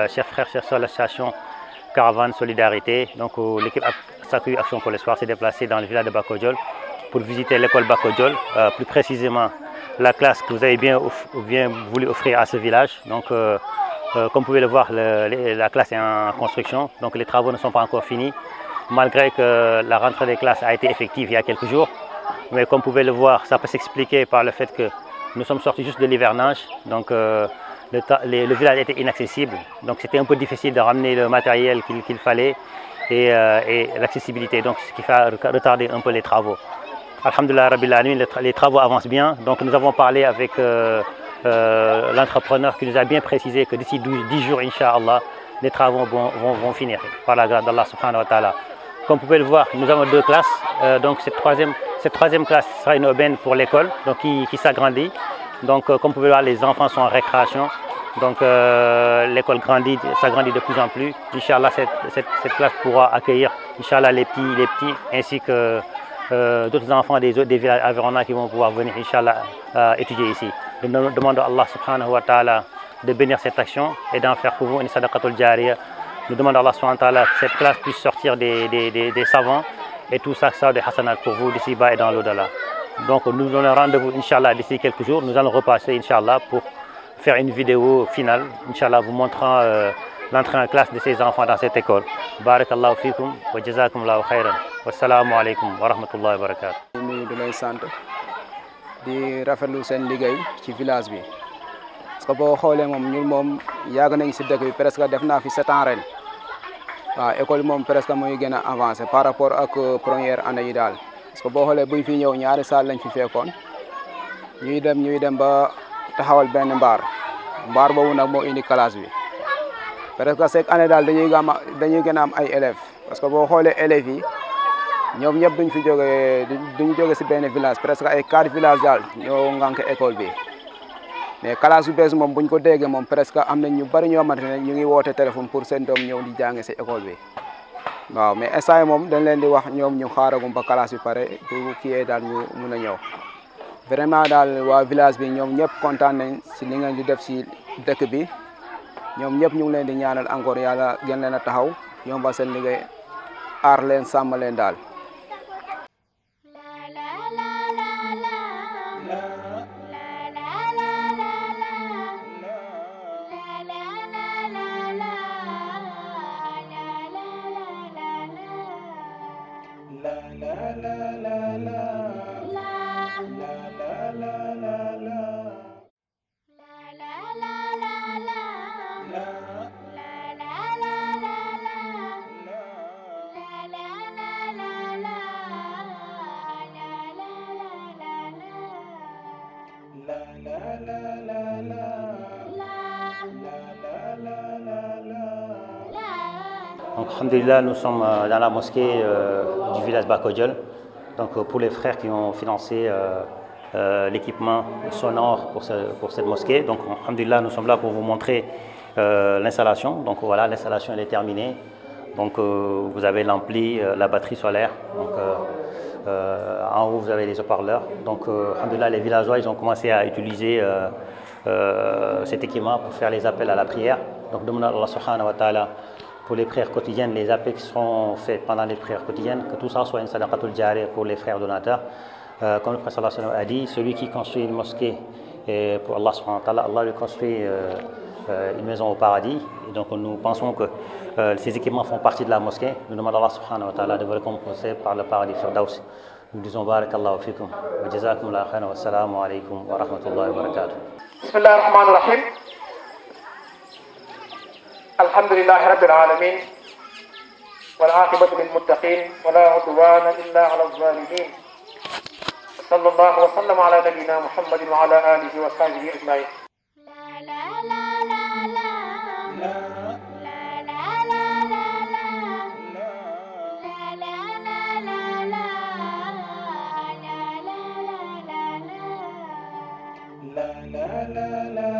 Euh, chers frères, chers soeurs, l'association Caravane Solidarité, donc l'équipe SACU Action pour l'Espoir s'est déplacée dans le village de Bakojol pour visiter l'école Bakodjol, euh, plus précisément la classe que vous avez bien, voulu offrir à ce village. Donc, euh, euh, comme vous pouvez le voir, la classe est en construction, donc les travaux ne sont pas encore finis, malgré que la rentrée des classes a été effective il y a quelques jours. Mais comme vous pouvez le voir, ça peut s'expliquer par le fait que nous sommes sortis juste de l'hivernage, donc le, village était inaccessible, donc c'était un peu difficile de ramener le matériel qu'il fallait et, et l'accessibilité, donc ce qui fait retarder un peu les travaux. Alhamdulillah les travaux avancent bien. Donc nous avons parlé avec euh, euh, l'entrepreneur qui nous a bien précisé que d'ici 10 jours, Inch'Allah, les travaux vont, vont, finir par la grâce d'Allah wa Comme vous pouvez le voir, nous avons deux classes. Euh, donc cette troisième, cette troisième classe sera une aubaine pour l'école, donc qui, s'agrandit. Donc comme vous pouvez le voir, les enfants sont en récréation. Donc l'école grandit, s'agrandit de plus en plus. Inch'Allah, cette, cette, cette, classe pourra accueillir Inch'Allah les petits, les petits ainsi que euh, d'autres enfants des, des villages qui vont pouvoir venir, Inch'Allah, euh, étudier ici. Nous demandons à Allah subhanahu wa ta'ala de bénir cette action et d'en faire pour vous une sadaqatul jariya. Nous demandons à Allah subhanahu wa ta'ala que cette classe puisse sortir des, des, savants et tout ça, ça des hasanat pour vous d'ici bas et dans l'au-delà. Donc nous donnons rendez-vous, Inch'Allah, d'ici quelques jours. Nous allons repasser, Inch'Allah, pour faire une vidéo finale, Inch'Allah, vous montrant... Euh, l'entrée en classe de ses enfants dans cette école. Barakallahu fikum wa jazakum jazakumullahu khairan. Wassalamu alaikum wa rahmatullahi wa barakatuh. nuyu di lay de di rafetlu seen dans le village bi parce que boo xoolee moom ñun moom yàgg nañ si dëkk bi presque def naa fi sept ans ren waaw presque muy gën avancé par rapport ak première année yi daal parce que boo xoolee buñ fi ñëw ñaari salle lañ fi fekkoon ñuy dem ñuy dem ba taxawal benn mbaar mbaar boobu nag moo indi classe bi. presque chaque année daal dañuy gën a dañuy am ay élèves parce que boo xoolee élèves yi ñoom ñëpp duñ fi jógee duñ jóge si benn village presque ay quatre village daal ñoo ngànk école bi mais classe bu bees moom buñ ko déggee moom presque am nañ ñu bari ñoo xamante ne ñu ngi woote téléphone pour seen doom ñëw di jànge si école bi waaw mais instant yi moom dañ leen di wax ñoom ñu xaaragum ba classe bi pare bu kiyee daal ñu mun a ñëw vraiment daal waa village bi ñoom ñëpp kontaan nañ si li ngeen def si dëkk bi ñoom ñëpp ñu ngi leen di ñaanal encore yàlla gën leen a taxaw ñoom ba seen liggéey aar leen sàmm leen daal. la la la Donc, Alhamdulillah, nous sommes euh, dans la mosquée euh, du village Bakodjol. Donc, euh, pour les frères qui ont financé l'équipement sonore pour, cette mosquée. Donc, Alhamdulillah, nous sommes là pour vous montrer l'installation. Donc, voilà, l'installation, est terminée. Donc, vous avez l'ampli, la batterie solaire. Donc, en haut, vous avez les haut-parleurs. Donc, les villageois, ils ont commencé à utiliser cet équipement pour faire les appels à la prière. Donc, demandez à Allah subhanahu wa ta'ala pour les prières quotidiennes, les appels qui seront faits pendant les prières quotidiennes, que tout ça soit une sadaqatul jariyah pour les frères donateurs. Euh, comme le Prophète a dit, celui qui construit une mosquée euh, pour Allah, Allah lui construit euh, une maison au paradis. Et donc nous pensons que ces équipements font partie de la mosquée. Nous demandons à Allah wa ta'ala de vous récompenser par le paradis Firdaus. Nous disons barakallahu fikum wa jazakum la wa salamu alaykum wa rahmatullahi wa barakatuh. Bismillah الحمد لله رب العالمين والعاقبة للمتقين ولا عدوان إلا على الظالمين صلى الله وسلم على نبينا محمد وعلى آله وصحبه أجمعين la la la